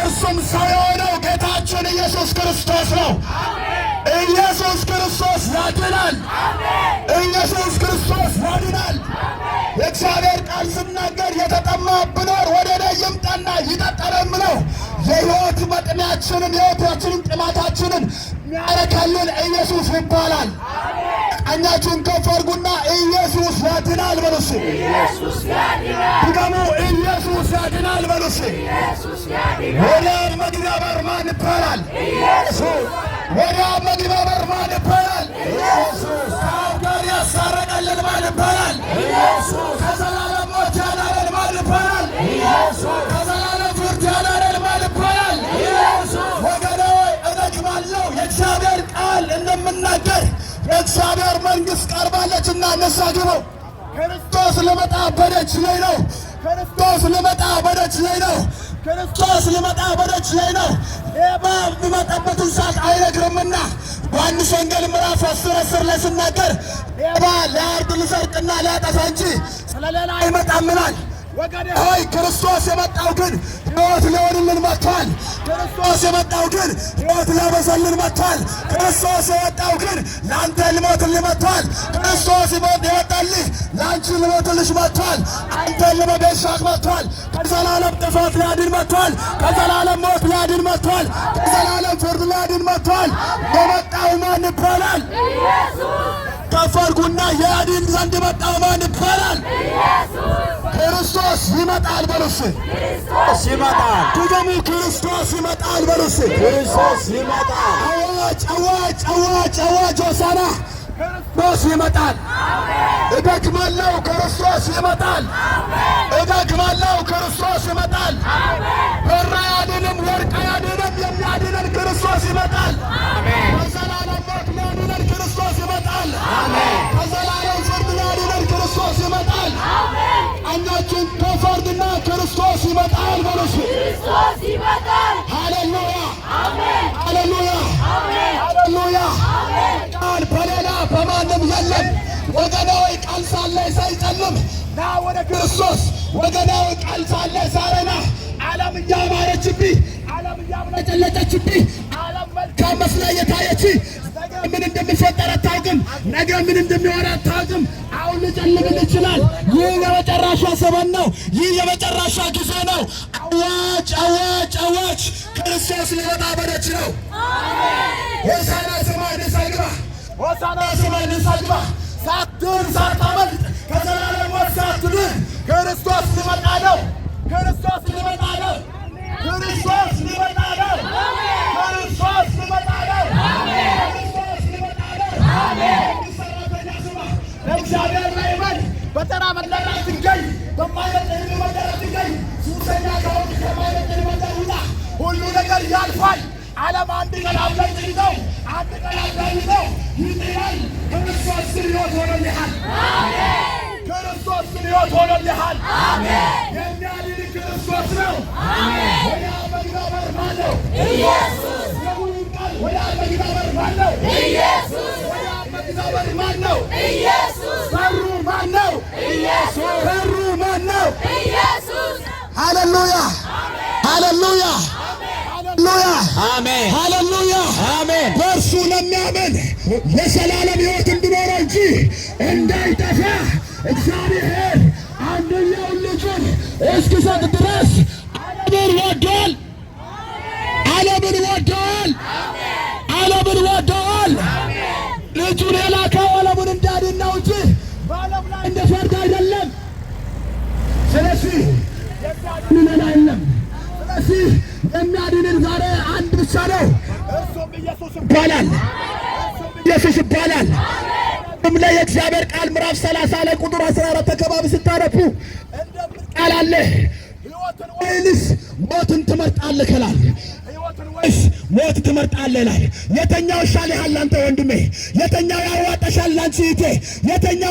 እርሱም ሰው የሆነው ጌታችን ኢየሱስ ክርስቶስ ነው። ኢየሱስ ክርስቶስ ያድናል። ኢየሱስ ክርስቶስ ያድናል። የእግዚአብሔር ቃል ስናገር የተጠማ ብኖር ወደ እኔ ይምጣና ይጠጣል ነው። የሕይወት መጥሚያችንን የሕይወታችንን ጥማታችንን ያረካልን ኢየሱስ ይባላል። ቀኛችሁን ከፍ አድርጉና ኢየሱስ ያድናል በሉ። ወደ አብ መግቢያ በር ማን ይባላል? ወደ መግቢያ በር ማን ይባላል? ከአብ ጋር ያሳረቀልን ማን ይባላል? ከዘላለም ሞት ያዳነን ማን ይባላል? ከዘላለም ፍርድ ያዳነን ማን ይባላል? ወገኔ እደግማለሁ፣ የእግዚአብሔር ቃል እንደምናገር የእግዚአብሔር መንግሥት ቀርባለችና ነሳ ግበው ክርስቶስ ልመጣ በደጅ ላይ ነው። ክርስቶስ ልመጣ በደጅ ላይ ነው። ክርስቶስ ሊመጣ በደጅ ላይ ነው። ሌባ የሚመጣበትን ሰዓት አይነግርምና በዮሐንስ ወንጌል ምዕራፍ አስር አስር ላይ ስናገር ሌባ ሊያርድ ሊሰርቅና ሊያጠፋ እንጂ ስለሌላ አይመጣምናል። ይላል። ሆይ ክርስቶስ የመጣው ግን ሕይወት ሊሆንልን መጥቷል። ክርስቶስ የመጣው ግን ሕይወት ሊያበዛልን መጥቷል። ክርስቶስ የመጣው ግን ለአንተ ሊሞትልህ መጥቷል። ክርስቶስ ሞት የመጣልህ ለአንቺ ሊሞትልሽ መጥቷል። አንተ ለመቤሻክ መጥቷል። ከዘላለም ጥፋት ሊያድን መጥቷል። ከዘላለም ሞት ሊያድን መጥቷል። ከዘላለም ፍርድ ሊያድን መጥቷል። የመጣው ማን ይባላል? ከፈርጉና የአድን ዘንድ መጣው ማን ይባላል? ክርስቶስ ይመጣል በሉስ። ክርስቶስ ይመጣል። ድገሙ። ክርስቶስ ይመጣል በሉስ። ክርስቶስ ይመጣል። አዋጅ አዋጅ አዋጅ አዋጅ! ሆሳና ክርስቶስ ይመጣል። እደግማለሁ፣ ክርስቶስ ይመጣል። እደግማለሁ፣ ክርስቶስ ይመጣል። በራ ያድን ይመጣል በለሱ ክርስቶስ ይመጣል። ሃሌሉያ አሜን፣ ሃሌሉያ አሜን፣ ሃሌሉያ አሜን። ቃል በሌላ በማንም የለም። ወገናዊ ቃል ሳለ ሳይጨልም ና ወደ ክርስቶስ። ወገናዊ ቃል ሳለ ዛሬ ዓለም እያማረችብኝ፣ ዓለም እያብለጨለጨችብኝ፣ ዓለም መልካም መስላ እየታየች ምን እንደሚፈጠር አታውቅም። ነገ ምን እንደሚሆን አታውቅም። አሁን ሊጨልምን ይችላል። ይህ የመጨረሻ ሰበን ነው። ይህ የመጨረሻ ጊዜ ነው። አዋጅ አዋጅ አዋጅ! ክርስቶስ ሊወጣ በደጅ ነው። ሆሳዕና ሰማይ ንሳ ግባ! ሆሳዕና ሰማይ ንሳ ግባ! ዓለም አንድ ቀን አብረን ይዘው አንድ ቀን ይዘው ይጥላል። ክርስቶስ ስር ሕይወት ሆኖልሃል። ክርስቶስ ስር ሕይወት ሆኖልሃል። የሚያድን ክርስቶስ ነው። ወደ አልበግዳ በርፋን ነው ኢየሱስ የሁሉም ቃል ወደ አልበግዳ በርፋን ነው ኢየሱስ ወደ አልበግዳ በርፋን ነው ኢየሱስ በሩ ማን ነው ኢየሱስ በሩ ማን ነው ኢየሱስ ሃሌሉያ ሃሌሉያ አሜን፣ ሃሌሉያ፣ አሜን። በእርሱ ለሚያምን ለዘላለም ሕይወት እንዲኖረው እንጂ እንዳይጠፋ እግዚአብሔር አንድያውን ልጁን እስኪሰጥ ድረስ ዓለምን ወዷል። ዓለምን ወዷል። ዓለምን ወዷል። ልጁን የላከው ዓለሙን እንዳድን ነው እንጂ በዓለም ላይ እንደፈርድ አይደለም። ስለዚህ የለም። ስለዚህ የሚያድንን ዛሬ አንድ ብቻ ይባላል። ኢየሱስ ይባላል። ሁሉም ላይ የእግዚአብሔር ቃል ምዕራፍ 30 ላይ ቁጥር 14 ተከባቢ ስታነቡ ቃል አለ ወይንስ ሞትን ትመርጣለህ ከላል ወይስ ሞት ትመርጣለህ ላል። የተኛው ይሻልሃል አንተ ወንድሜ፣ የተኛው ያዋጣሻል አንቺ እህቴ፣ የተኛው